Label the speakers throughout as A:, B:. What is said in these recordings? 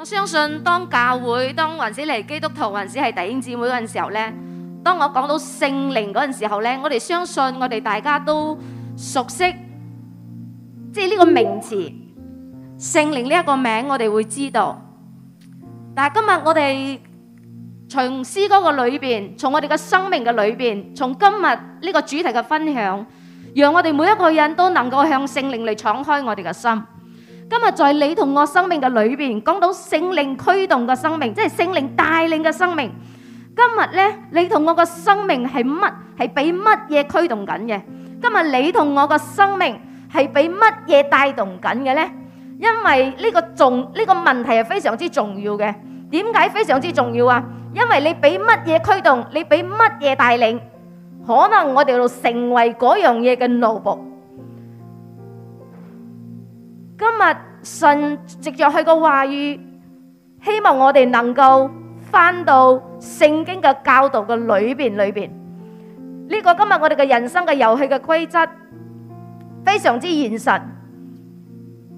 A: 我相信，當教會，當或者你係基督徒，或者係弟兄姊妹嗰陣時候咧，當我講到聖靈嗰陣時候咧，我哋相信我哋大家都熟悉，即係呢個名字聖靈呢一個名，我哋會知道。但係今日我哋從詩歌個裏邊，從我哋嘅生命嘅裏邊，從今日呢個主題嘅分享，讓我哋每一個人都能夠向聖靈嚟敞開我哋嘅心。今日在你同我生命嘅裏邊，講到聖靈驅動嘅生命，即係聖靈帶領嘅生命。今日呢，你同我個生命係乜？係俾乜嘢驅動緊嘅？今日你同我個生命係俾乜嘢帶動緊嘅呢？因為呢個重呢個問題係非常之重要嘅。點解非常之重要啊？因為你俾乜嘢驅動，你俾乜嘢帶領，可能我哋就成為嗰樣嘢嘅奴僕。今日神藉着佢嘅話語，希望我哋能夠翻到聖經嘅教導嘅裏邊裏邊。呢個今日我哋嘅人生嘅遊戲嘅規則非常之現實。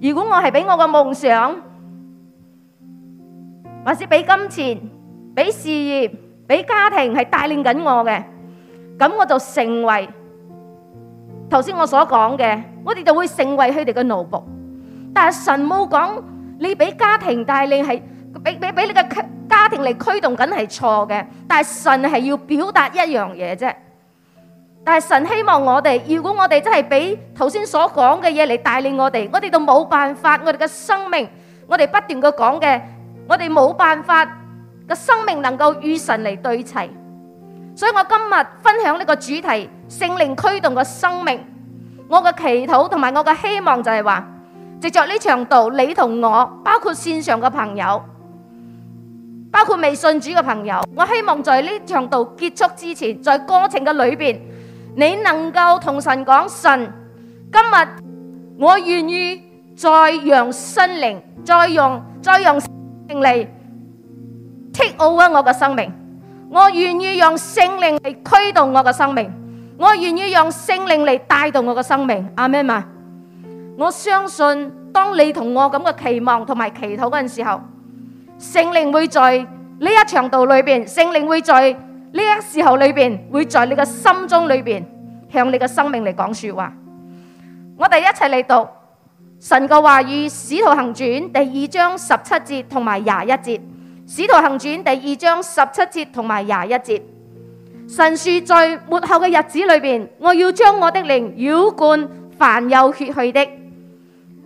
A: 如果我係俾我嘅夢想，或者俾金錢、俾事業、俾家庭係帶領緊我嘅，咁我就成為頭先我所講嘅，我哋就會成為佢哋嘅奴僕。但係神冇講你俾家庭帶領係俾俾俾你嘅家庭嚟驅動緊係錯嘅，但係神係要表達一樣嘢啫。但係神希望我哋，如果我哋真係俾頭先所講嘅嘢嚟帶領我哋，我哋都冇辦法，我哋嘅生命，我哋不斷嘅講嘅，我哋冇辦法嘅生命能夠與神嚟對齊。所以我今日分享呢個主題：聖靈驅動嘅生命。我嘅祈禱同埋我嘅希望就係話。藉着呢場道，你同我，包括線上嘅朋友，包括未信主嘅朋友，我希望在呢場道結束之前，在過程嘅裏邊，你能夠同神講：神，今日我願意再讓聖靈，再用，再用聖靈，take over 我嘅生命。我願意讓聖靈嚟驅動我嘅生命，我願意讓聖靈嚟帶動我嘅生命。阿們。我相信，當你同我咁嘅期望同埋祈禱嗰陣時候，聖靈會在呢一長道裏邊，聖靈會在呢一時候裏邊，會在你嘅心中裏邊，向你嘅生命嚟講說話。我哋一齊嚟讀《神嘅話語使徒行傳》第二章十七節同埋廿一節，《使徒行傳》第二章十七節同埋廿一節。神說：在末後嘅日子裏邊，我要將我的靈澆灌凡有血氣的。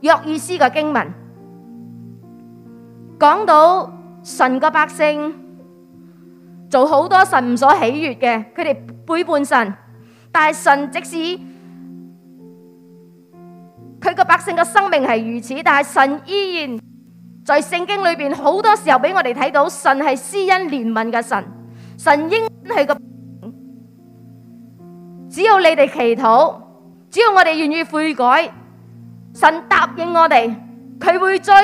A: 約意思嘅經文講到神嘅百姓做好多神唔所喜悅嘅，佢哋背叛神，但係神即使佢嘅百姓嘅生命係如此，但係神依然在聖經裏邊好多時候俾我哋睇到神係施恩憐憫嘅神，神應係個只要你哋祈禱，只要我哋願意悔改。神答應我哋，佢會再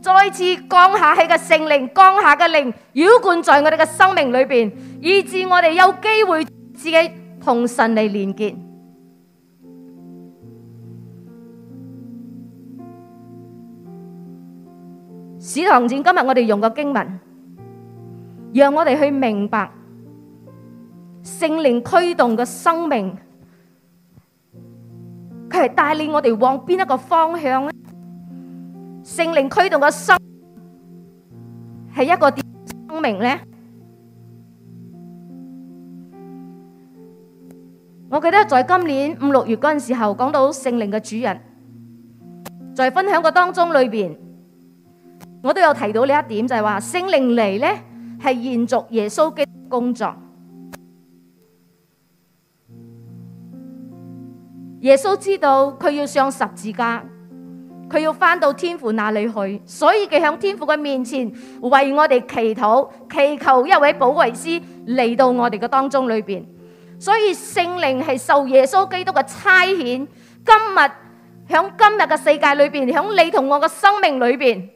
A: 再次降下佢嘅聖靈，降下嘅靈澆灌在我哋嘅生命裏邊，以致我哋有機會自己同神嚟連結。史堂戰今日我哋用嘅經文，讓我哋去明白聖靈驅動嘅生命。係帶領我哋往邊一個方向呢？聖靈驅動嘅心係一個點生命呢？我記得在今年五六月嗰陣時候講到聖靈嘅主人，在分享嘅當中裏邊，我都有提到呢一點，就係話聖靈嚟呢係延續耶穌嘅工作。耶穌知道佢要上十字架，佢要翻到天父那裏去，所以佢響天父嘅面前為我哋祈禱，祈求一位保惠師嚟到我哋嘅當中裏邊。所以聖靈係受耶穌基督嘅差遣，今日響今日嘅世界裏邊，響你同我嘅生命裏邊，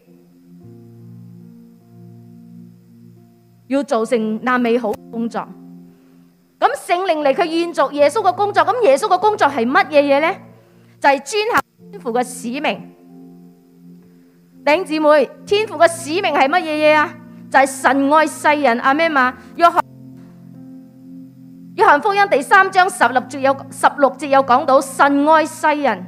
A: 要做成那美好工作。咁聖靈嚟佢延續耶穌嘅工作，咁耶穌嘅工作係乜嘢嘢咧？就係遵行天父嘅使命。弟兄姊妹，天父嘅使命係乜嘢嘢啊？就係神愛世人。阿咩嘛？約翰約翰福音第三章十六節有十六節有講到神愛世人，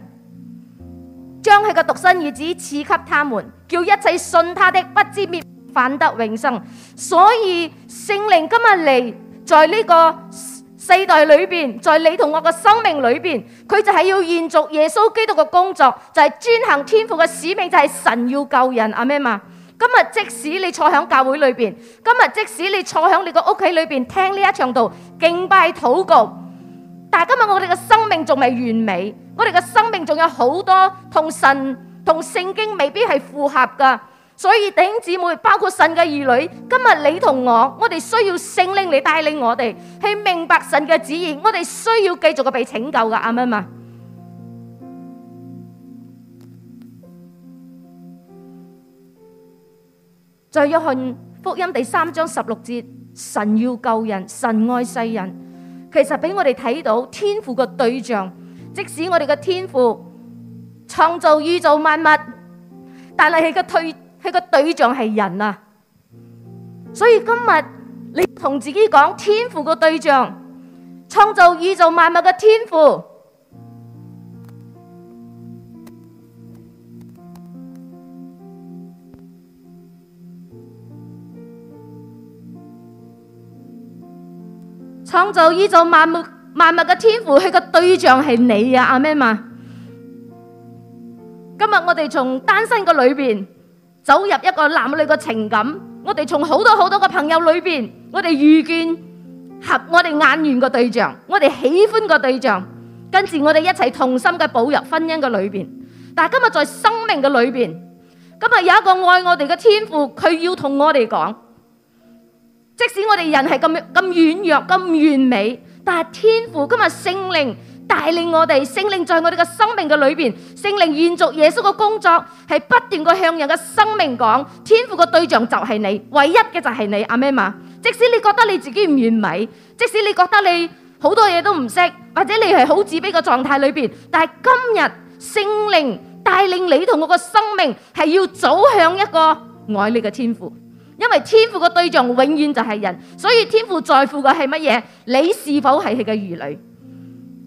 A: 將佢嘅獨生兒子賜給他們，叫一切信他的，不知滅反得永生。所以聖靈今日嚟。在呢個世代裏邊，在你同我嘅生命裏邊，佢就係要延續耶穌基督嘅工作，就係專行天父嘅使命，就係神要救人。阿咩嘛？今日即使你坐響教會裏邊，今日即使你坐響你個屋企裏邊聽呢一場道敬拜禱告，但係今日我哋嘅生命仲未完美，我哋嘅生命仲有好多同神同聖經未必係符合嘅。所以弟兄姊妹，包括神嘅兒女，今日你同我，我哋需要聖靈嚟帶領我哋去明白神嘅旨意。我哋需要繼續個被拯救嘅啱唔啱嘛？在約翰福音第三章十六節，神要救人，神愛世人。其實俾我哋睇到天父嘅對象，即使我哋嘅天父創造宇宙萬物，但係係個退。佢個對象係人啊，所以今日你同自己講天賦嘅對象，創造宇宙萬物嘅天賦，創造宇宙萬物萬物嘅天賦，佢個對象係你啊，阿咩嘛。今日我哋從單身嘅裏邊。走入一個男女嘅情感，我哋從好多好多個朋友裏邊，我哋遇見合我哋眼緣嘅對象，我哋喜歡個對象，跟住我哋一齊同心嘅步入婚姻嘅裏邊。但係今日在生命嘅裏邊，今日有一個愛我哋嘅天父，佢要同我哋講，即使我哋人係咁咁軟弱、咁完美，但係天父今日聖靈。帶領我哋聖靈在我哋嘅生命嘅裏邊，聖靈延續耶穌嘅工作，係不斷嘅向人嘅生命講，天父嘅對象就係你，唯一嘅就係你，阿們嘛。即使你覺得你自己唔完美，即使你覺得你好多嘢都唔識，或者你係好自卑嘅狀態裏邊，但係今日聖靈帶領你同我嘅生命係要走向一個愛你嘅天父，因為天父嘅對象永遠就係人，所以天父在乎嘅係乜嘢？你是否係佢嘅兒女？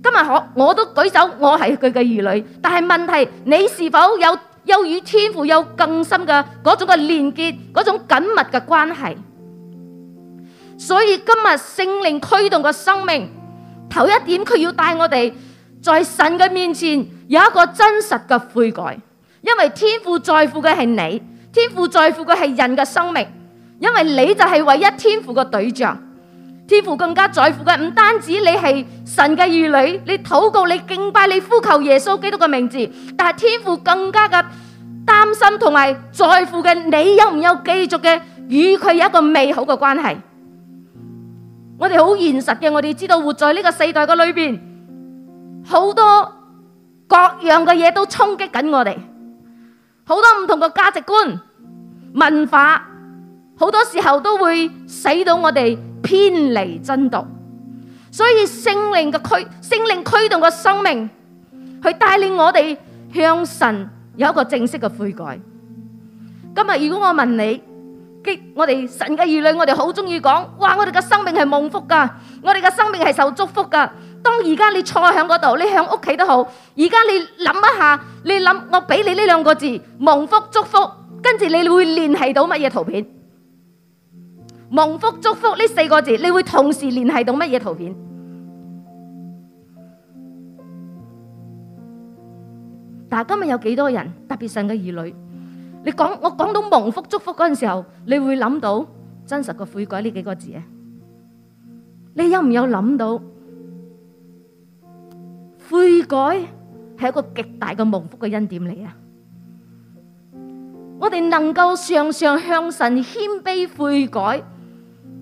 A: 今日我我都舉手，我係佢嘅兒女。但係問題，你是否有又與天父有更深嘅嗰種嘅連結，嗰種緊密嘅關係？所以今日聖靈驅動嘅生命，頭一點佢要帶我哋在神嘅面前有一個真實嘅悔改，因為天父在乎嘅係你，天父在乎嘅係人嘅生命，因為你就係唯一天父嘅對象。天父更加在乎嘅唔單止你係神嘅兒女，你禱告、你敬拜、你呼求耶穌基督嘅名字，但係天父更加嘅擔心同埋在乎嘅，你有唔有繼續嘅與佢有一個美好嘅關係？我哋好現實嘅，我哋知道活在呢個世代嘅裏邊，好多各樣嘅嘢都衝擊緊我哋，好多唔同嘅價值觀、文化。好多時候都會使到我哋偏離真道，所以聖靈嘅驅聖靈驅動嘅生命去帶領我哋向神有一個正式嘅悔改。今日如果我問你，我哋神嘅兒女，我哋好中意講，哇！我哋嘅生命係蒙福噶，我哋嘅生命係受祝福噶。當而家你坐喺嗰度，你響屋企都好。而家你諗一下，你諗我俾你呢兩個字，蒙福祝福，跟住你會聯繫到乜嘢圖片？蒙福祝福呢四個字，你會同時聯繫到乜嘢圖片？但係今日有幾多人特別神嘅兒女，你講我講到蒙福祝福嗰陣時候，你會諗到真實嘅悔改呢幾個字啊？你有唔有諗到悔改係一個極大嘅蒙福嘅恩典嚟啊？我哋能夠常常向神謙卑悔改。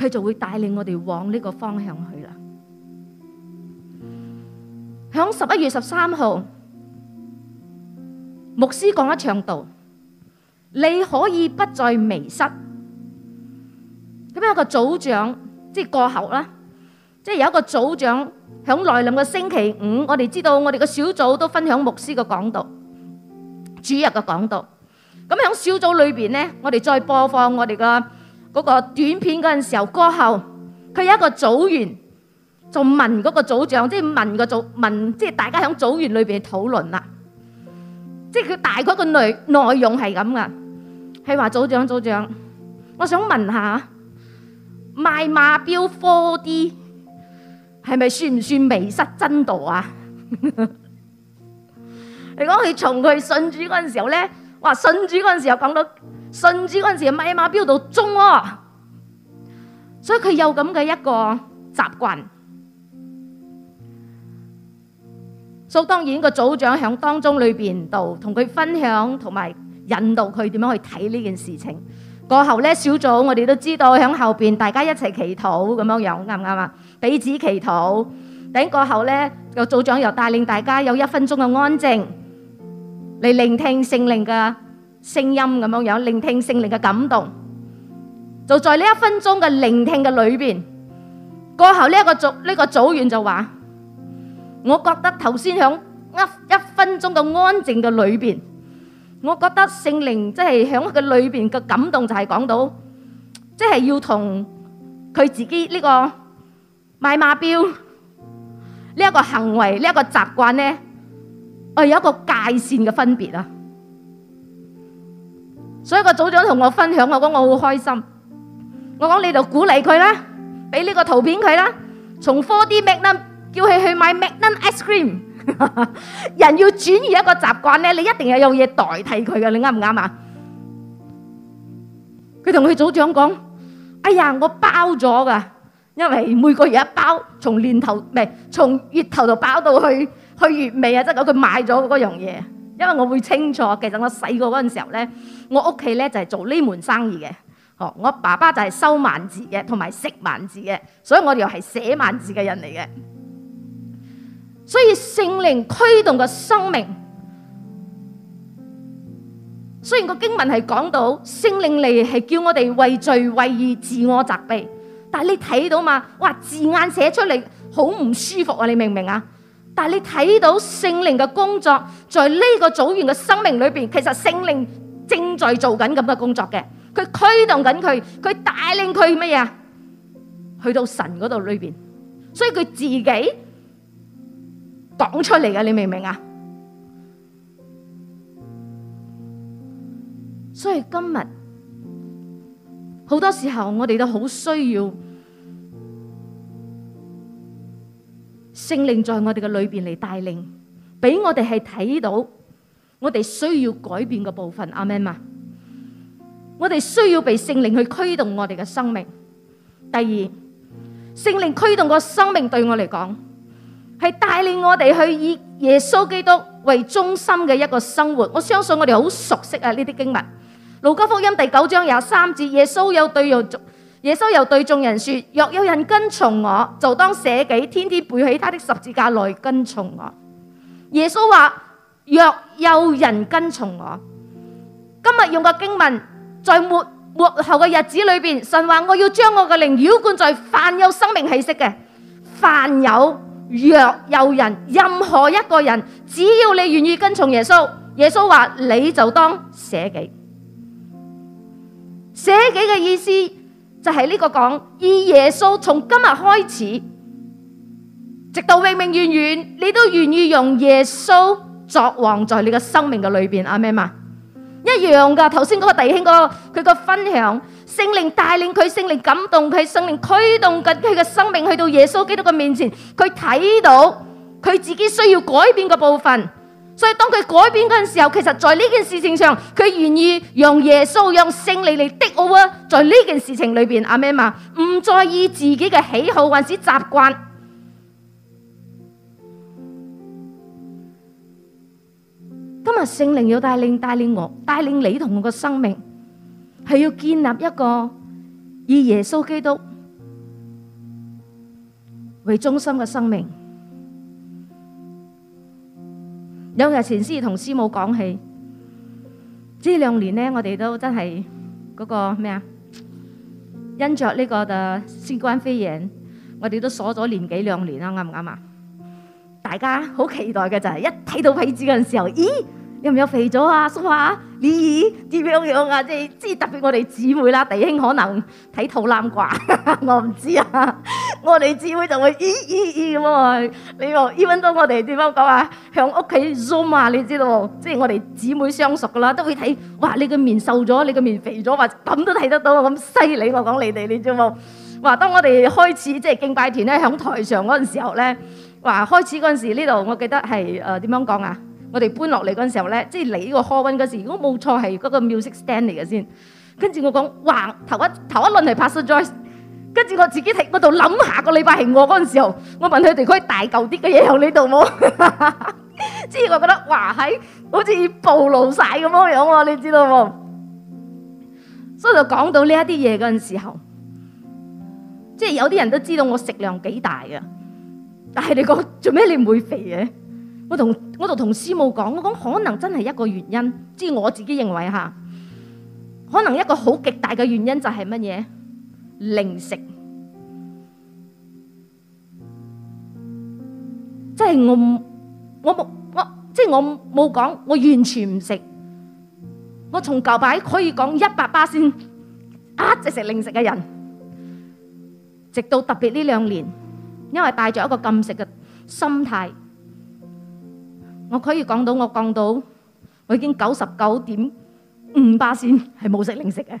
A: 佢就會帶領我哋往呢個方向去啦。響十一月十三號，牧師講一場道，你可以不再迷失。咁有個組長即係過後啦，即係有一個組長響來臨嘅星期五，我哋知道我哋嘅小組都分享牧師嘅講道，主日嘅講道。咁響小組裏邊咧，我哋再播放我哋嘅。嗰個短片嗰陣時候，過後，佢有一個組員就問嗰個組長，即係問個組問，即係大家喺組員裏邊討論啦。即係佢大概個內內容係咁㗎，係話組長組長，我想問下賣馬標 four D 係咪算唔算迷失真道啊？你講佢從佢信主嗰陣時候咧？哇！信主嗰陣時又講到信主嗰陣時密碼表度中喎，所以佢有咁嘅一個習慣。所以當然個組長響當中裏邊度同佢分享同埋引導佢點樣去睇呢件事情。過後咧，小組我哋都知道響後邊大家一齊祈禱咁樣樣啱唔啱啊？彼此祈禱。等過後咧，個組長又帶領大家有一分鐘嘅安靜。嚟聆聽聖靈嘅聲音咁樣樣，聆聽聖靈嘅感動，就在呢一分鐘嘅聆聽嘅裏邊。過後呢一個組呢個組員就話：，我覺得頭先響一一分鐘嘅安靜嘅裏邊，我覺得聖靈即係響個裏邊嘅感動就係講到，即係要同佢自己呢個買馬標呢一個行為呢一個習慣呢。我，有一個界線嘅分別啊！所以個組長同我分享，我講我好開心。我講你就鼓勵佢啦，俾呢個圖片佢啦，從 4D Magnum 叫佢去買 Magnum Ice Cream。人要轉移一個習慣咧，你一定要有嘢代替佢嘅，你啱唔啱啊？佢同佢組長講：哎呀，我包咗㗎，因為每個月一包，從年頭唔係從月頭就包到去，去月尾啊，即係佢買咗嗰樣嘢，因為我會清楚。其實我細個嗰陣時候咧，我屋企咧就係做呢門生意嘅。哦，我爸爸就係收萬字嘅，同埋食萬字嘅，所以我哋又係寫萬字嘅人嚟嘅。所以聖靈驅動嘅生命，雖然個經文係講到聖靈嚟係叫我哋為罪為義自我責備，但係你睇到嘛，哇字眼寫出嚟好唔舒服啊！你明唔明啊？但係你睇到聖靈嘅工作，在呢個組員嘅生命裏邊，其實聖靈正在做緊咁嘅工作嘅，佢驅動緊佢，佢帶領佢乜嘢去到神嗰度裏邊，所以佢自己講出嚟嘅，你明唔明啊？所以今日好多時候，我哋都好需要。聖靈在我哋嘅裏邊嚟帶領，俾我哋係睇到，我哋需要改變嘅部分，阿們。我哋需要被聖靈去驅動我哋嘅生命。第二，聖靈驅動個生命對我嚟講，係帶領我哋去以耶穌基督為中心嘅一個生活。我相信我哋好熟悉啊呢啲經文。路加福音第九章廿三節，耶穌有對用。耶穌又對眾人說：若有人跟從我，就當捨己，天天背起他的十字架來跟從我。耶穌話：若有人跟從我，今日用個經文，在末末後嘅日子裏邊，神話我要將我嘅靈澆灌在凡有生命氣息嘅，凡有，若有人，任何一個人，只要你願意跟從耶穌，耶穌話，你就當捨己。捨己嘅意思。就係呢個講，以耶穌從今日開始，直到永永遠遠，你都願意用耶穌作王在你嘅生命嘅裏邊，阿們嘛？一樣噶，頭先嗰個弟兄個佢個分享，聖靈帶領佢，聖靈感動佢，聖靈驅動緊佢嘅生命，去到耶穌基督嘅面前，佢睇到佢自己需要改變嘅部分。所以當佢改變嗰陣時候，其實，在呢件事情上，佢願意讓耶穌、讓聖靈嚟的我啊，在呢件事情裏邊，阿們唔在意自己嘅喜好還是習慣。今日聖靈要帶領、帶領我、帶領你同我個生命，係要建立一個以耶穌基督為中心嘅生命。有日前師同師母講起，呢兩年呢，我哋都真係嗰、嗰個咩啊，因着呢個嘅新冠肺炎，我哋都鎖咗年幾兩年啦，啱唔啱啊？大家好期待嘅就係一睇到位置嗰陣時候，咦？有唔有肥咗啊？叔啊，你咦，點樣樣啊？即係即係特別我哋姊妹啦，弟兄可能睇肚腩啩， 我唔知啊。 我哋姊妹就會咦咦咦咁啊！你話一分鐘我哋點樣講啊？響屋企 Zoom 啊，你知道即係我哋姊妹相熟噶啦，都會睇。哇！你個面瘦咗，你個面肥咗，話咁都睇得到咁犀利，我講你哋，你知冇？話當我哋開始即係敬拜團咧，響台上嗰陣時候咧，話開始嗰陣時呢度，我記得係誒點樣講啊？我哋搬落嚟嗰陣時候咧，即係嚟呢個 Hall One 嗰時，如果冇錯係嗰個 music stand 嚟嘅先。跟住我講，哇！頭一頭一輪係 Pastor Joyce，跟住我自己喺嗰度諗下個禮拜係我嗰陣時候，我問佢哋，有冇大嚿啲嘅嘢有呢度冇？ 即係我覺得，哇！喺好似暴露晒咁樣樣，你知道冇。所以就講到呢一啲嘢嗰陣時候，即係有啲人都知道我食量幾大㗎，但係你講做咩你唔會肥嘅？我同我就同師母講，我講可能真係一個原因，即係我自己認為吓，可能一個好極大嘅原因就係乜嘢零食，即係我我冇我即係我冇講我完全唔食，我從舊擺可以講一百巴仙一直食零食嘅人，直到特別呢兩年，因為帶住一個禁食嘅心態。我可以講到，我講到我已經九十九點五八線，係冇食零食嘅，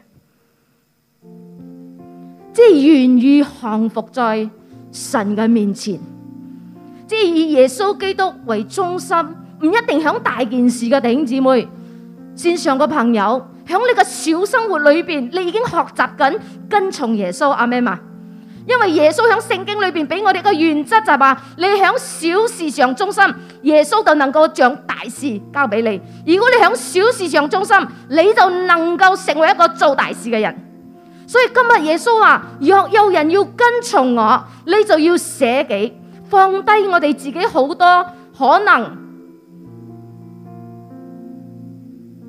A: 即係願意降服在神嘅面前，即係以耶穌基督為中心，唔一定響大件事嘅弟兄姊妹、線上嘅朋友，響你個小生活裏邊，你已經學習緊跟從耶穌。阿們嘛。因為耶穌喺聖經裏邊俾我哋個原則就係話，你喺小事上忠心，耶穌就能夠將大事交俾你。如果你喺小事上忠心，你就能夠成為一個做大事嘅人。所以今日耶穌話，若有人要跟從我，你就要捨己，放低我哋自己好多可能，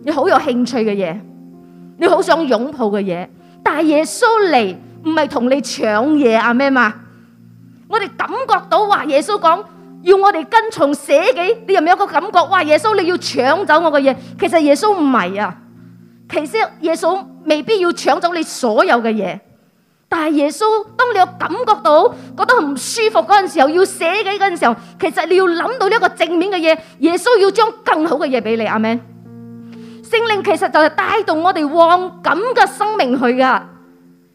A: 你好有興趣嘅嘢，你好想擁抱嘅嘢，但係耶穌嚟。唔係同你搶嘢阿咩嘛？我哋感覺到話耶穌講要我哋跟從捨己，你有冇有個感覺？哇！耶穌你要搶走我嘅嘢，其實耶穌唔係啊。其實耶穌未必要搶走你所有嘅嘢，但係耶穌當你有感覺到覺得唔舒服嗰陣時候，要捨己嗰陣時候，其實你要諗到呢一個正面嘅嘢，耶穌要將更好嘅嘢俾你阿咩？聖靈其實就係帶動我哋往咁嘅生命去噶。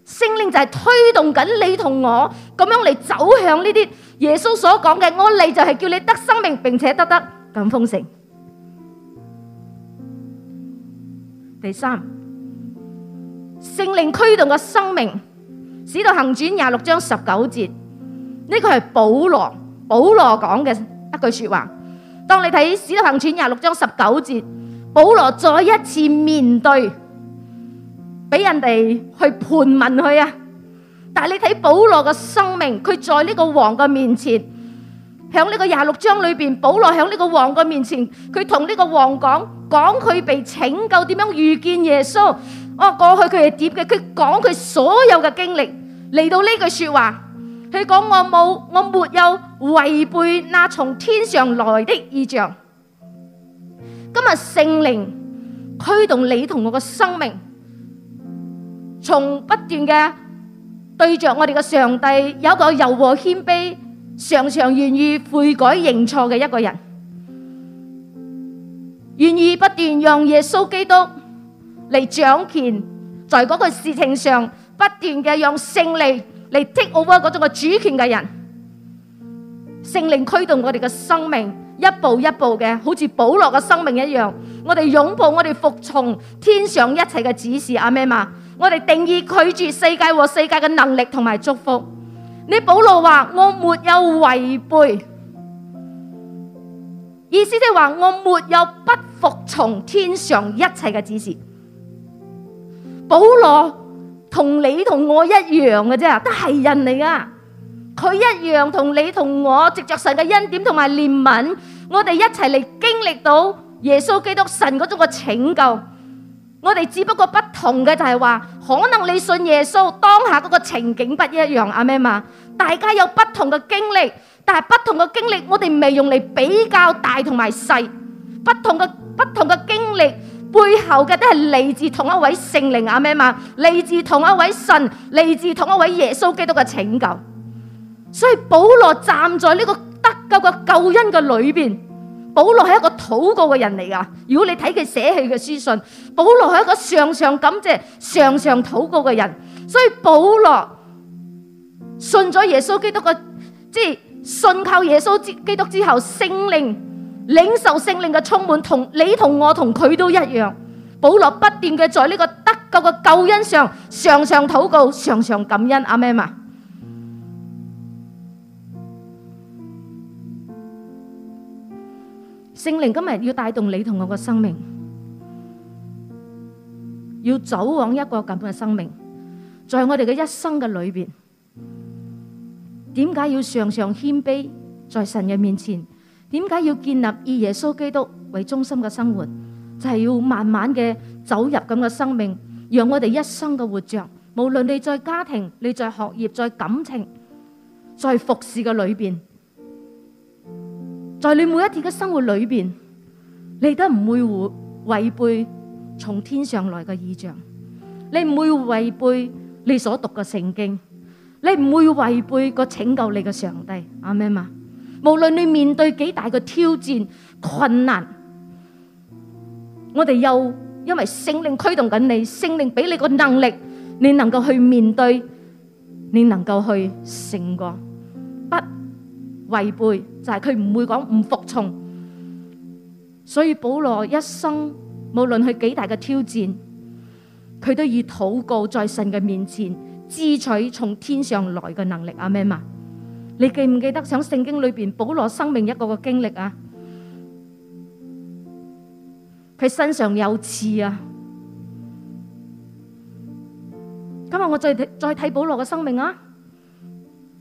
A: 聖靈就係推動緊你同我咁樣嚟，走向呢啲耶穌所講嘅，我嚟就係叫你得生命，並且得得咁豐盛。第三，聖靈驅動嘅生命，使徒行傳廿六章十九節，呢個係保羅，保羅講嘅一句說話。當你睇使徒行傳廿六章十九節，保羅再一次面對。俾人哋去盤問佢啊！但係你睇保羅嘅生命，佢在呢個王嘅面前，響呢個廿六章裏邊，保羅響呢個王嘅面前，佢同呢個王講，講佢被拯救點樣遇見耶穌，哦，過去佢係點嘅，佢講佢所有嘅經歷，嚟到呢句說話，佢講，我冇，我沒有違背那從天上來的異象。今日聖靈驅動你同我嘅生命。從不斷嘅對着我哋嘅上帝有一個柔和謙卑、常常願意悔改認錯嘅一個人，願意不斷讓耶穌基督嚟掌權，在嗰個事情上不斷嘅用聖靈嚟 take over 嗰種嘅主權嘅人，聖靈驅動我哋嘅生命一步一步嘅，好似保羅嘅生命一樣，我哋擁抱我哋服從天上一切嘅指示，阿咩嘛。我哋定義拒絕世界和世界嘅能力同埋祝福。你保羅話我沒有違背，意思即係話我沒有不服從天上一切嘅指示。保羅同你同我一樣嘅啫，都係人嚟噶。佢一樣同你同我藉着神嘅恩典同埋憐憫，我哋一齊嚟經歷到耶穌基督神嗰種嘅拯救。我哋只不過不同嘅就係話，可能你信耶穌當下嗰個情景不一樣啊咩嘛，大家有不同嘅經歷，但係不同嘅經歷，我哋未用嚟比較大同埋細，不同嘅不同嘅經歷背後嘅都係嚟自同一位聖靈阿咩嘛，嚟自同一位神，嚟自同一位耶穌基督嘅拯救，所以保羅站在呢個得救嘅救恩嘅裏邊。保羅係一個禱告嘅人嚟噶，如果你睇佢寫去嘅書信，保羅係一個常常感謝、常常禱告嘅人，所以保羅信咗耶穌基督嘅，即係信靠耶穌之基督之後，聖靈領受聖靈嘅充滿，同你同我同佢都一樣。保羅不斷嘅在呢個得救嘅救恩上，常常禱告，常常感恩。阿們。聖靈今日要帶動你同我個生命，要走往一個咁嘅生命，在我哋嘅一生嘅裏邊，點解要常常謙卑在神嘅面前？點解要建立以耶穌基督為中心嘅生活？就係要慢慢嘅走入咁嘅生命，讓我哋一生嘅活着，無論你在家庭、你在學業、在感情、在服侍嘅裏邊。在你每一天嘅生活裏邊，你都唔會違違背從天上來嘅異象，你唔會違背你所讀嘅聖經，你唔會違背個拯救你嘅上帝，阿們嘛。無論你面對幾大嘅挑戰困難，我哋又因為聖靈驅動緊你，聖靈俾你個能力，你能夠去面對，你能夠去勝過，不。違背就係佢唔會講唔服從，所以保羅一生無論佢幾大嘅挑戰，佢都以禱告在神嘅面前，支取從天上來嘅能力。阿咩嘛，你記唔記得響聖經裏邊保羅生命一個個經歷啊？佢身上有刺啊！今日我再再睇保羅嘅生命啊！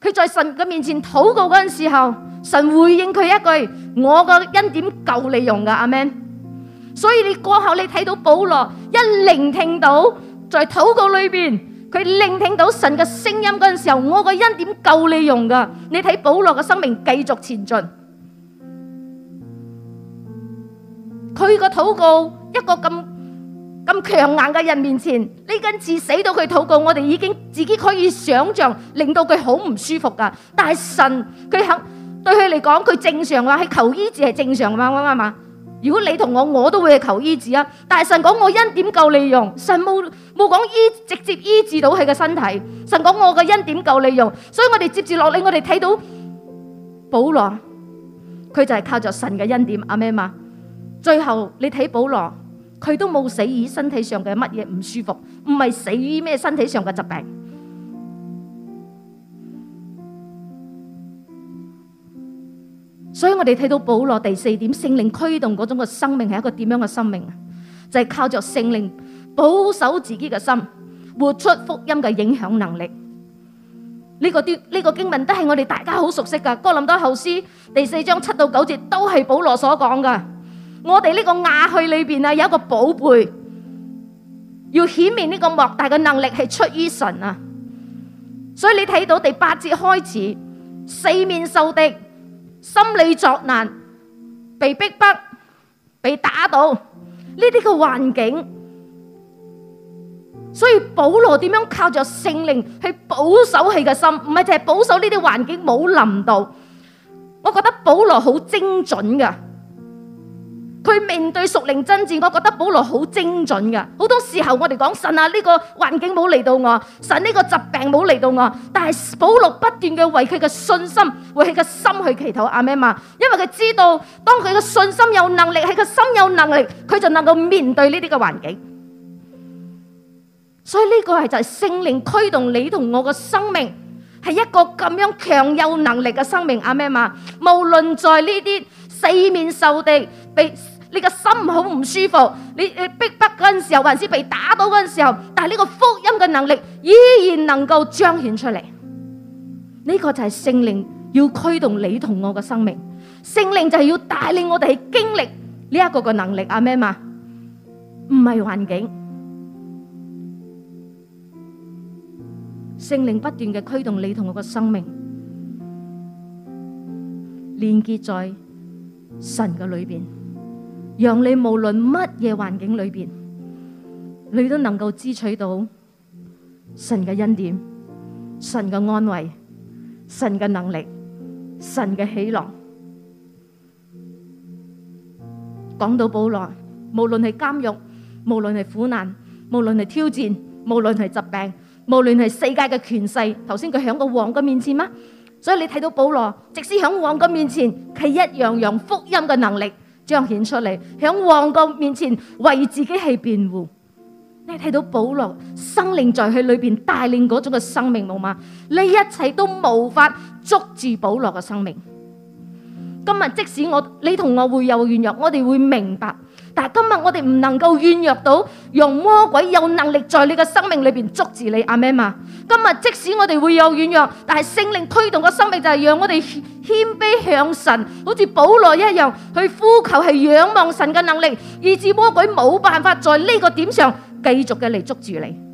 A: 佢在神嘅面前禱告嗰陣時候，神回應佢一句：我嘅恩典夠你用噶，阿門。所以你過後你睇到保羅一聆聽到在禱告裏邊，佢聆聽到神嘅聲音嗰陣時候，我嘅恩典夠你用噶。你睇保羅嘅生命繼續前進，佢個禱告一個咁。咁強硬嘅人面前，呢根刺死到佢禱告，我哋已經自己可以想象，令到佢好唔舒服噶。但係神佢肯對佢嚟講，佢正常話，係求醫治係正常噶嘛？啱唔啱啊？如果你同我，我都會係求醫治啊。但係神講我恩典夠利用，神冇冇講醫直接醫治到佢嘅身體。神講我嘅恩典夠利用，所以我哋接住落嚟，我哋睇到保羅，佢就係靠着神嘅恩典阿咩嘛？最後你睇保羅。佢都冇死於身體上嘅乜嘢唔舒服，唔係死於咩身體上嘅疾病。所以我哋睇到保羅第四點，聖靈驅動嗰種嘅生命係一個點樣嘅生命？就係靠着聖靈保守自己嘅心，活出福音嘅影響能力。呢個啲呢個經文都係我哋大家好熟悉噶，《哥林多後書》第四章七到九節都係保羅所講噶。我哋呢個瓦器裏邊啊，有一個寶貝，要顯明呢個莫大嘅能力係出於神啊！所以你睇到第八節開始，四面受敵，心裏作難，被逼迫，被打倒，呢啲嘅環境，所以保羅點樣靠著聖靈去保守佢嘅心，唔係淨係保守呢啲環境冇臨到。我覺得保羅好精準㗎。佢面對屬靈真戰，我覺得保羅好精準㗎。好多時候我哋講神啊，呢個環境冇嚟到我，神呢個疾病冇嚟到我，但係保羅不斷嘅為佢嘅信心，為佢嘅心去祈禱。阿咩嘛，因為佢知道，當佢嘅信心有能力，喺個心有能力，佢就能夠面對呢啲嘅環境。所以呢個係就係聖靈驅動你同我嘅生命，係一個咁樣強有能力嘅生命。阿咩嘛，無論在呢啲四面受敵被。你個心好唔舒服，你誒逼迫嗰陣時候，還是被打倒嗰陣時候，但係呢個福音嘅能力依然能夠彰顯出嚟。呢個就係聖靈要驅動你同我嘅生命，聖靈就係要帶領我哋去經歷呢一個嘅能力。阿咩嘛，唔係環境，聖靈不斷嘅驅動你同我嘅生命，連結在神嘅裏邊。讓你無論乜嘢環境裏邊，你都能夠支取到神嘅恩典、神嘅安慰、神嘅能力、神嘅喜樂。講到保羅，無論係監獄，無論係苦難，無論係挑戰，無論係疾病，無論係世界嘅權勢，頭先佢響個王嘅面前咩？所以你睇到保羅，即使響王嘅面前，佢一樣用福音嘅能力。彰顯出嚟，響旺角面前為自己去辯護。你睇到保羅生命在佢裏邊帶領嗰種嘅生命冇嘛？你一切都無法捉住保羅嘅生命。今日即使我你同我會有軟弱，我哋會明白。但係今日我哋唔能夠軟弱到，讓魔鬼有能力在你嘅生命裏邊捉住你。阿們，今日即使我哋會有軟弱，但係聖靈驅動嘅生命就係讓我哋謙卑向神，好似保羅一樣去呼求，係仰望神嘅能力，以致魔鬼冇辦法在呢個點上繼續嘅嚟捉住你。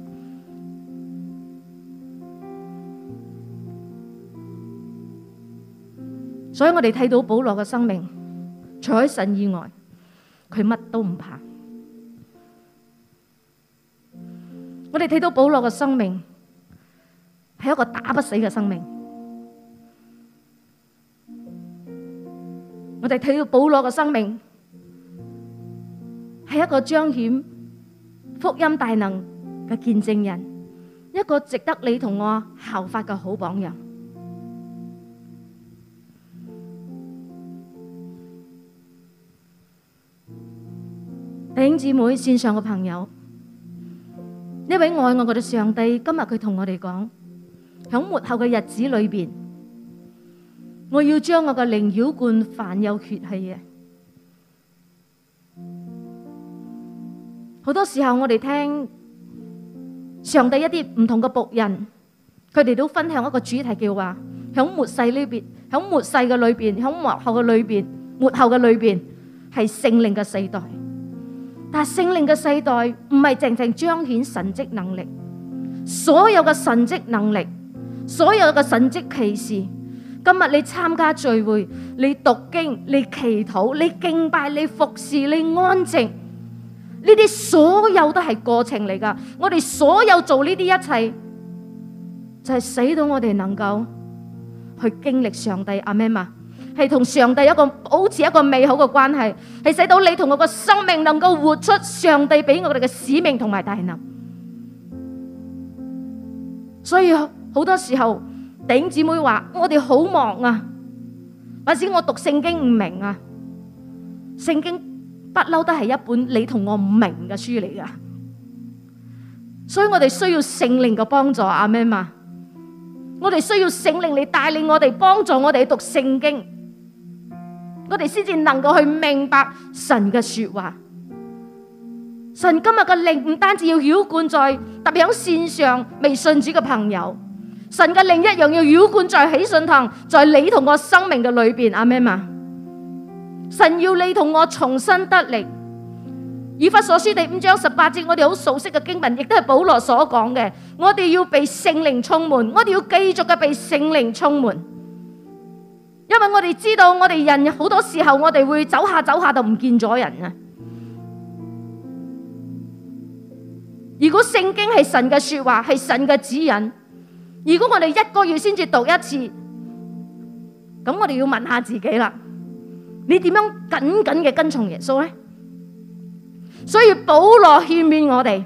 A: 所以我哋睇到保羅嘅生命，除咗神以外。佢乜都唔怕，我哋睇到保羅嘅生命係一個打不死嘅生命，我哋睇到保羅嘅生命係一個彰顯福音大能嘅見證人，一個值得你同我效法嘅好榜樣。弟兄姊妹，線上嘅朋友，呢位愛我嘅上帝，今日佢同我哋講：響末後嘅日子裏邊，我要將我嘅靈澆灌凡有血氣嘅。好多時候我哋聽上帝一啲唔同嘅僕人，佢哋都分享一個主題，叫話：響末世呢邊，響末世嘅裏邊，響末後嘅裏邊，末後嘅裏邊係聖靈嘅世代。但係聖靈嘅世代唔係淨淨彰顯神蹟能力，所有嘅神蹟能力，所有嘅神蹟奇事，今日你參加聚會，你讀經，你祈禱，你敬拜，你服侍，你安靜，呢啲所有都係過程嚟噶。我哋所有做呢啲一切，就係使到我哋能夠去經歷上帝阿媽。係同上帝一個保持一個美好嘅關係，係使到你同我嘅生命能夠活出上帝俾我哋嘅使命同埋大能。所以好多時候弟兄姊妹話我哋好忙啊，或者我讀聖經唔明啊，聖經不嬲都係一本你同我唔明嘅書嚟噶。所以我哋需要聖靈嘅幫助，阿們啊，我哋需要聖靈嚟帶領我哋，幫助我哋讀聖經。我哋先至能夠去明白神嘅說話，神今日嘅靈唔單止要澆灌在特別喺線上未信主嘅朋友，神嘅靈一樣要澆灌在喜信堂，在你同我生命嘅裏邊。阿們嘛，神要你同我重新得力。以弗所書第五章十八節，我哋好熟悉嘅經文，亦都係保羅所講嘅，我哋要被聖靈充滿，我哋要繼續嘅被聖靈充滿。因為我哋知道我，我哋人好多時候我哋會走下走下就唔見咗人啊！如果聖經係神嘅說話，係神嘅指引，如果我哋一個月先至讀一次，咁我哋要問下自己啦，你點樣緊緊嘅跟從耶穌咧？所以保羅勸勉我哋，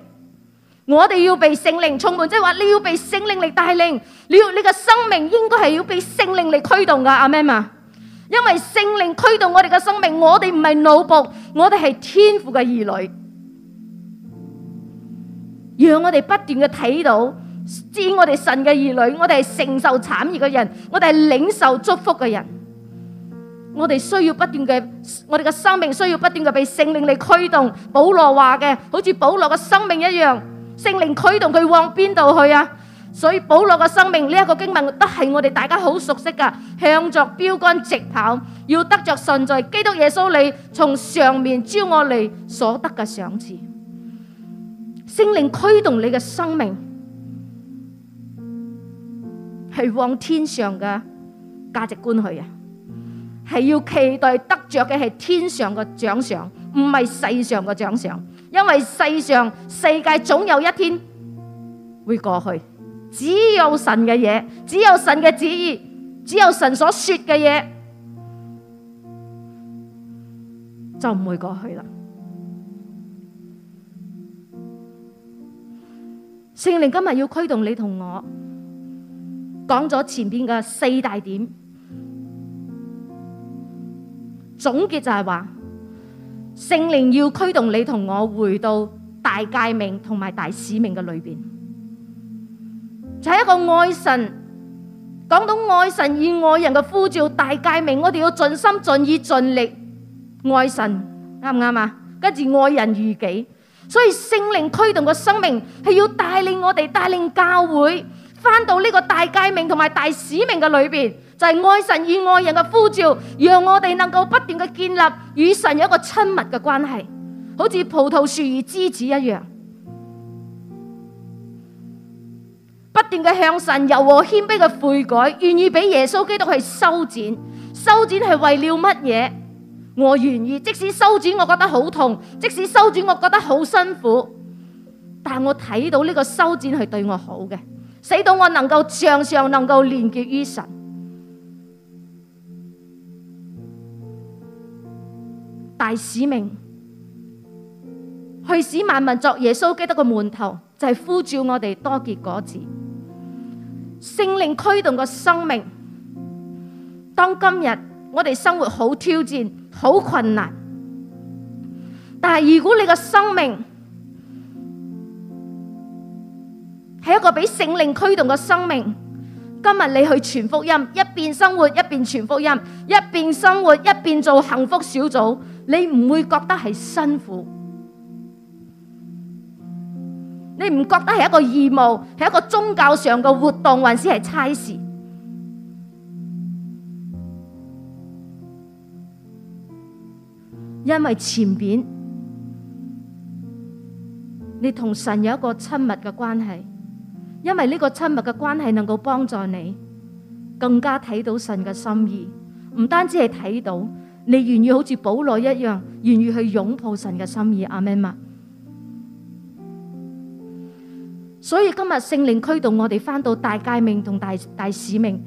A: 我哋要被聖靈充滿，即係話你要被聖靈力帶領，你要你嘅生命。係要俾聖靈嚟驅動噶，阿媽，因為聖靈驅動我哋嘅生命，我哋唔係奴僕，我哋係天父嘅兒女，讓我哋不斷嘅睇到，知我哋神嘅兒女，我哋係承受產業嘅人，我哋係領受祝福嘅人，我哋需要不斷嘅，我哋嘅生命需要不斷嘅被聖靈嚟驅動。保羅話嘅，好似保羅嘅生命一樣，聖靈驅動佢往邊度去啊？所以保羅嘅生命呢一個經文都係我哋大家好熟悉噶，向著標杆直跑，要得著神在基督耶穌裏從上面招我嚟，所得嘅賞賜。聖靈驅動你嘅生命係往天上嘅價值觀去啊，係要期待得著嘅係天上嘅獎賞，唔係世上嘅獎賞，因為世上世界總有一天會過去。只有神嘅嘢，只有神嘅旨意，只有神所說嘅嘢，就唔會過去啦。聖靈今日要驅動你同我講咗前邊嘅四大點，總結就係話，聖靈要驅動你同我回到大誡命同埋大使命嘅裏邊。就係一個愛神，講到愛神與愛人嘅呼召大誡命，我哋要盡心盡意盡力愛神，啱唔啱啊？跟住愛人如己，所以聖靈驅動嘅生命係要帶領我哋，帶領教會翻到呢個大誡命同埋大使命嘅裏邊，就係愛神與愛人嘅呼召，讓我哋能夠不斷嘅建立與神有一個親密嘅關係，好似葡萄樹與枝子一樣。不斷嘅向神柔和謙卑嘅悔改，願意俾耶穌基督去修剪，修剪係為了乜嘢？我願意，即使修剪我覺得好痛，即使修剪我覺得好辛苦，但我睇到呢個修剪係對我好嘅，使到我能夠常常能夠連結於神。大使命，去使萬民作耶穌基督嘅門徒，就係呼召我哋多結果子。聖靈驅動嘅生命，當今日我哋生活好挑戰，好困難。但係如果你嘅生命係一個俾聖靈驅動嘅生命，今日你去傳福音，一邊生活一邊傳福音，一邊生活一邊做幸福小組，你唔會覺得係辛苦。你唔覺得係一個義務，係一個宗教上嘅活動，還是係差事？因為前邊你同神有一個親密嘅關係，因為呢個親密嘅關係能夠幫助你更加睇到神嘅心意，唔單止係睇到，你願意好似保羅一樣，願意去擁抱神嘅心意。阿門啊！所以今日聖靈驅動我哋翻到大誡命同大大使命，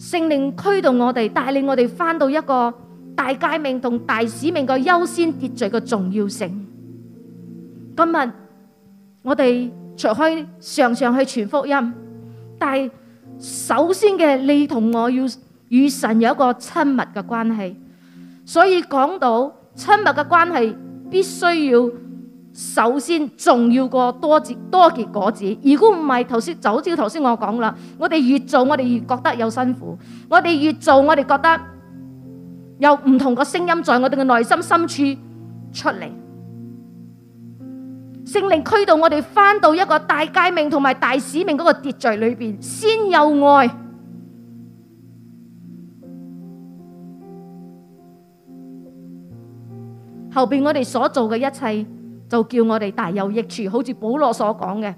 A: 聖靈驅動我哋帶領我哋翻到一個大誡命同大使命嘅優先秩序嘅重要性。今日我哋除開常常去傳福音，但係首先嘅你同我要與神有一個親密嘅關係，所以講到親密嘅關係必須要。首先，重要過多結多結果子。如果唔係，頭先就好似頭先我講啦，我哋越做，我哋越覺得有辛苦；我哋越做，我哋覺得有唔同個聲音在我哋嘅內心深處出嚟，聖靈驅導我哋返到一個大誡命同埋大使命嗰個秩序裏邊先有愛。後邊我哋所做嘅一切，就叫我哋大有益處，好似保羅所講嘅：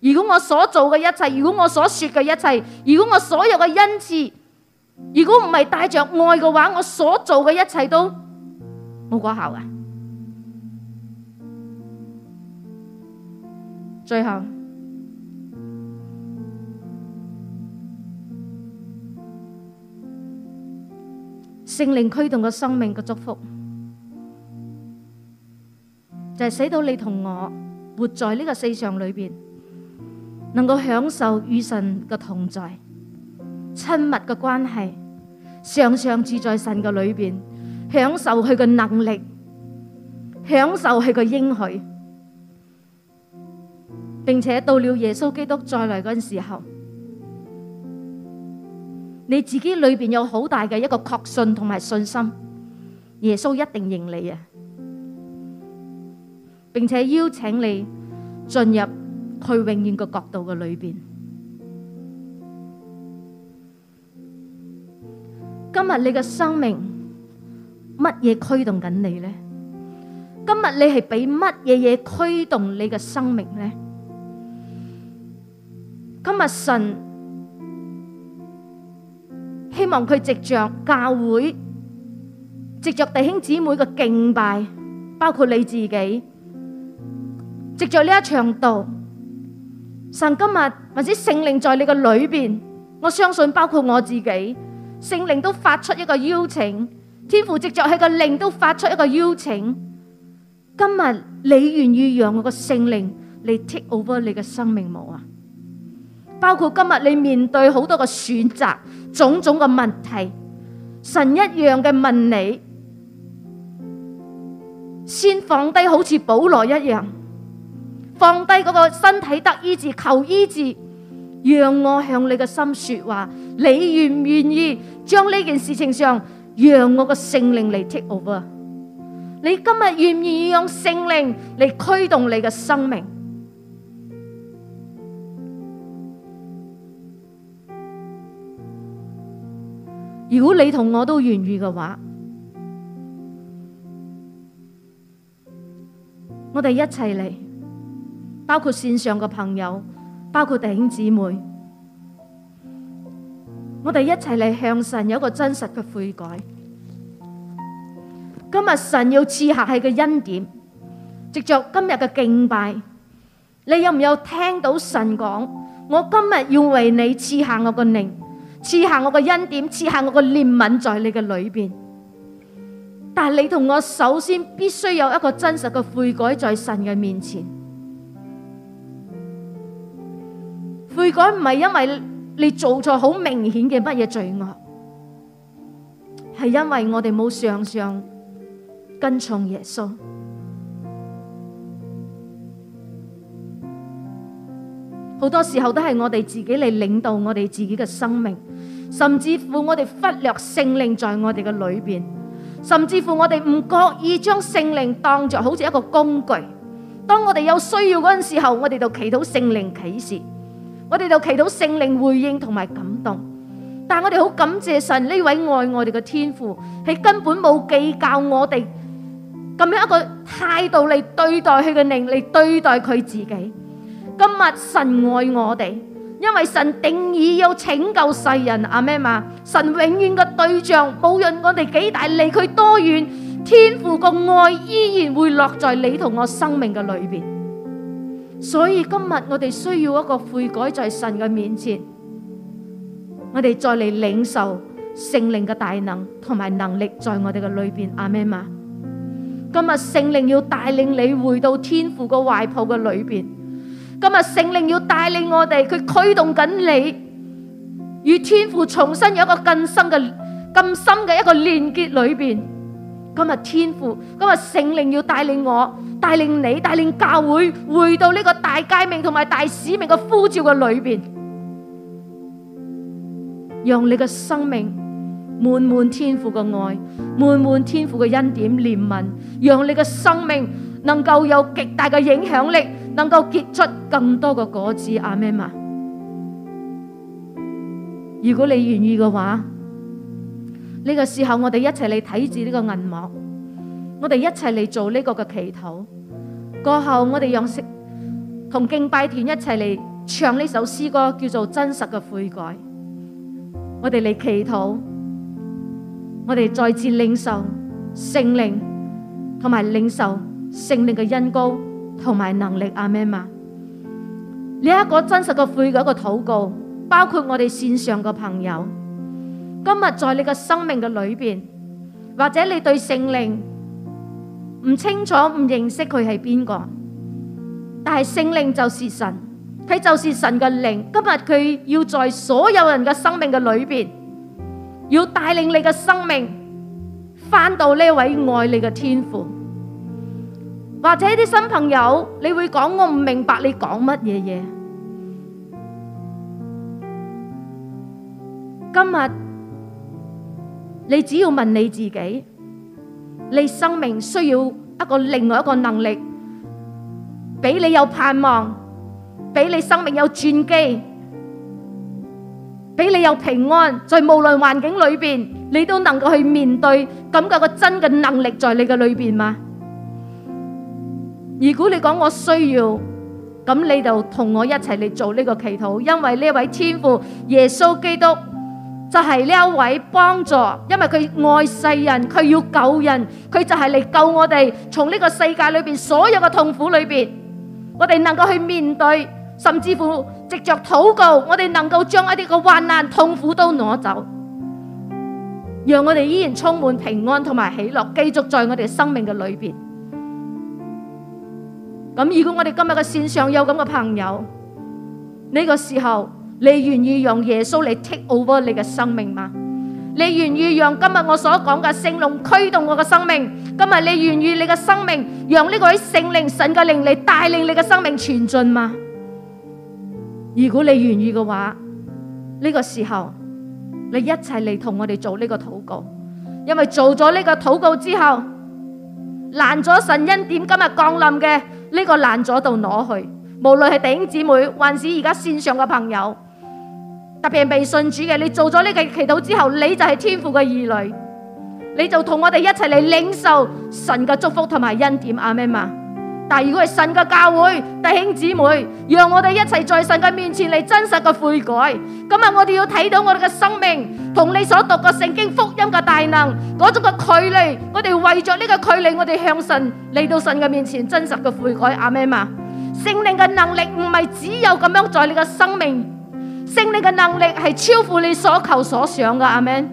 A: 如果我所做嘅一切，如果我所說嘅一切，如果我所有嘅恩賜，如果唔係帶着愛嘅話，我所做嘅一切都冇果效呀。最後，聖靈驅動嘅生命嘅祝福。就係使到你同我活在呢個世上裏邊，能夠享受與神嘅同在、親密嘅關係，常常住在神嘅裏邊，享受佢嘅能力，享受佢嘅應許，並且到了耶穌基督再來嗰陣時候，你自己裏邊有好大嘅一個確信同埋信心，耶穌一定認你啊！並且邀請你進入佢永遠嘅國度嘅裏邊。今日你嘅生命乜嘢驅動緊你呢？今日你係俾乜嘢嘢驅動你嘅生命呢？今日神希望佢藉着教會，藉着弟兄姊妹嘅敬拜，包括你自己。藉著呢一場道，神今日或者聖靈在你嘅裏邊，我相信包括我自己，聖靈都發出一個邀請，天父藉著佢嘅靈都發出一個邀請。今日你願意讓我個聖靈嚟 take over 你嘅生命冇啊？包括今日你面對好多嘅選擇，種種嘅問題，神一樣嘅問你，先放低好似保羅一樣。放低嗰個身體得醫治，求醫治，讓我向你嘅心說話。你願唔願意將呢件事情上，讓我嘅聖靈嚟 take over？你今日願唔願意用聖靈嚟驅動你嘅生命？如果你同我都願意嘅話，我哋一齊嚟。包括線上嘅朋友，包括弟兄姊妹，我哋一齊嚟向神有一個真實嘅悔改。今日神要賜下你嘅恩典，藉着今日嘅敬拜，你有唔有聽到神講？我今日要為你賜下我嘅靈，賜下我嘅恩典，賜下我嘅憐憫在你嘅裏邊。但係你同我首先必須有一個真實嘅悔改，在神嘅面前。悔改唔係因為你做錯好明顯嘅乜嘢罪惡，係因為我哋冇常常跟從耶穌。好多時候都係我哋自己嚟領導我哋自己嘅生命，甚至乎我哋忽略聖靈在我哋嘅裏邊，甚至乎我哋唔覺意將聖靈當作好似一個工具。當我哋有需要嗰陣時候，我哋就祈禱聖靈啟示。我哋就祈禱聖靈回應同埋感動，但係我哋好感謝神呢位愛我哋嘅天父，係根本冇計較我哋咁樣一個態度嚟對待佢嘅靈，嚟對待佢自己。今日神愛我哋，因為神定意要拯救世人。阿咩嘛，神永遠嘅對象，無論我哋幾大，離佢多遠，天父個愛依然會落在你同我生命嘅裏邊。所以今日我哋需要一個悔改，在神嘅面前，我哋再嚟領受聖靈嘅大能同埋能力，在我哋嘅裏邊。阿們嘛，今日聖靈要帶領你回到天父個懷抱嘅裏邊。今日聖靈要帶領我哋，佢驅動緊你與天父重新有一個更深嘅、更深嘅一個連結裏邊。今日天父，今日聖靈要帶領我。帶領你帶領教會回到呢個大誡命同埋大使命嘅呼召嘅裏邊，讓你嘅生命滿滿天父嘅愛，滿滿天父嘅恩典、憐憫，讓你嘅生命能夠有極大嘅影響力，能夠結出更多嘅果子。阿們，如果你願意嘅話，呢個時候我哋一齊嚟睇住呢個銀幕。我哋一齊嚟做呢個嘅祈禱。過後，我哋用同敬拜團一齊嚟唱呢首詩歌，叫做《真實嘅悔改》。我哋嚟祈禱，我哋再次領受聖靈，同埋領受聖靈嘅恩膏同埋能力啊！阿們，呢一個真實嘅悔改嘅禱告，包括我哋線上嘅朋友，今日在你嘅生命嘅裏邊，或者你對聖靈。唔清楚，唔認識佢係邊個，但係聖靈就是神，佢就是神嘅靈。今日佢要在所有人嘅生命嘅裏邊，要帶領你嘅生命翻到呢一位愛你嘅天父，或者啲新朋友，你會講我唔明白你講乜嘢嘢。今日你只要問你自己。你生命需要一個另外一個能力，俾你有盼望，俾你生命有轉機，俾你有平安，在無論環境裏邊，你都能夠去面對咁嘅個真嘅能力在你嘅裏邊嘛？如果你講我需要，咁你就同我一齊嚟做呢個祈禱，因為呢位天父耶穌基督。就係呢一位幫助，因為佢愛世人，佢要救人，佢就係嚟救我哋，從呢個世界裏邊所有嘅痛苦裏邊，我哋能夠去面對，甚至乎藉着禱告，我哋能夠將一啲嘅患難、痛苦都攞走，讓我哋依然充滿平安同埋喜樂，繼續在我哋生命嘅裏邊。咁如果我哋今日嘅綫上有咁嘅朋友，呢個時候。你願意讓耶穌嚟 take over 你嘅生命嗎？你願意讓今日我所講嘅聖龍驅動我嘅生命？今日你願意你嘅生命讓呢個喺聖靈神嘅靈嚟帶領你嘅生命前進嗎？如果你願意嘅話，呢個時候你一齊嚟同我哋做呢個禱告，因為做咗呢個禱告之後，攔阻神恩典今日降臨嘅呢個攔阻度攞去，無論係弟兄姊妹還是而家線上嘅朋友。特別係未信主嘅，你做咗呢個祈禱之後，你就係天父嘅兒女，你就同我哋一齊嚟領受神嘅祝福同埋恩典。阿們啊。但如果係神嘅教會弟兄姊妹，讓我哋一齊在神嘅面前嚟真實嘅悔改。噉我哋要睇到我哋嘅生命同你所讀嘅聖經福音嘅大能嗰種嘅距離，我哋為咗呢個距離，我哋向神嚟到神嘅面前真實嘅悔改。阿們啊。聖靈嘅能力唔係只有咁樣在你嘅生命。聖靈嘅能力係超乎你所求所想噶，阿 Man。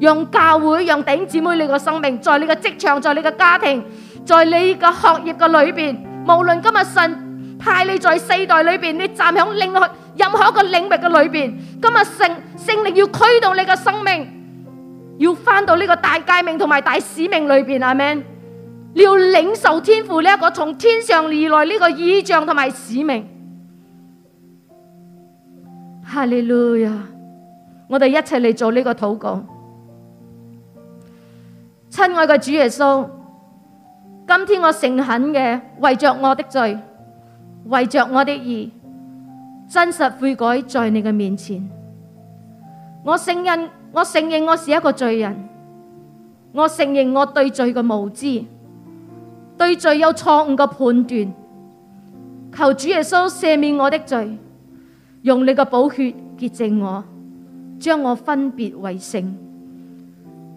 A: 用教會，用頂姊妹你個生命，在你個職場，在你個家庭，在你個學業嘅裏邊，無論今日神派你在世代裏邊，你站響任何任何一個領域嘅裏邊，今日聖，聖靈要驅動你個生命，要返到呢個大誡命同埋大使命裏邊，阿 Man，你要領受天父呢、這、一個從天上而來呢個異象同埋使命。哈利路亞！我哋一齊嚟做呢個禱告。親愛嘅主耶穌，今天我誠懇嘅為着我的罪，為着我的義，真實悔改在你嘅面前。我承認，我承認我是一個罪人。我承認我對罪嘅無知，對罪有錯誤嘅判斷。求主耶穌赦免我的罪。用你嘅寶血潔淨我，將我分別為聖。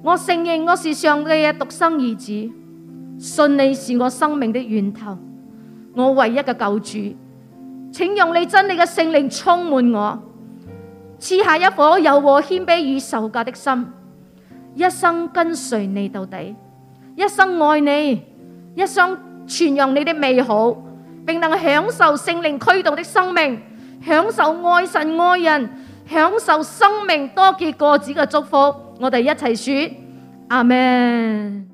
A: 我承認我是上帝嘅獨生兒子，信你是我生命的源頭，我唯一嘅救主。請用你真理嘅聖靈充滿我，賜下一顆柔和謙卑與受教的心，一生跟隨你到底，一生愛你，一生傳揚你的美好，並能享受聖靈驅動的生命。享受愛神愛人，享受生命多結果子嘅祝福，我哋一齊說阿門。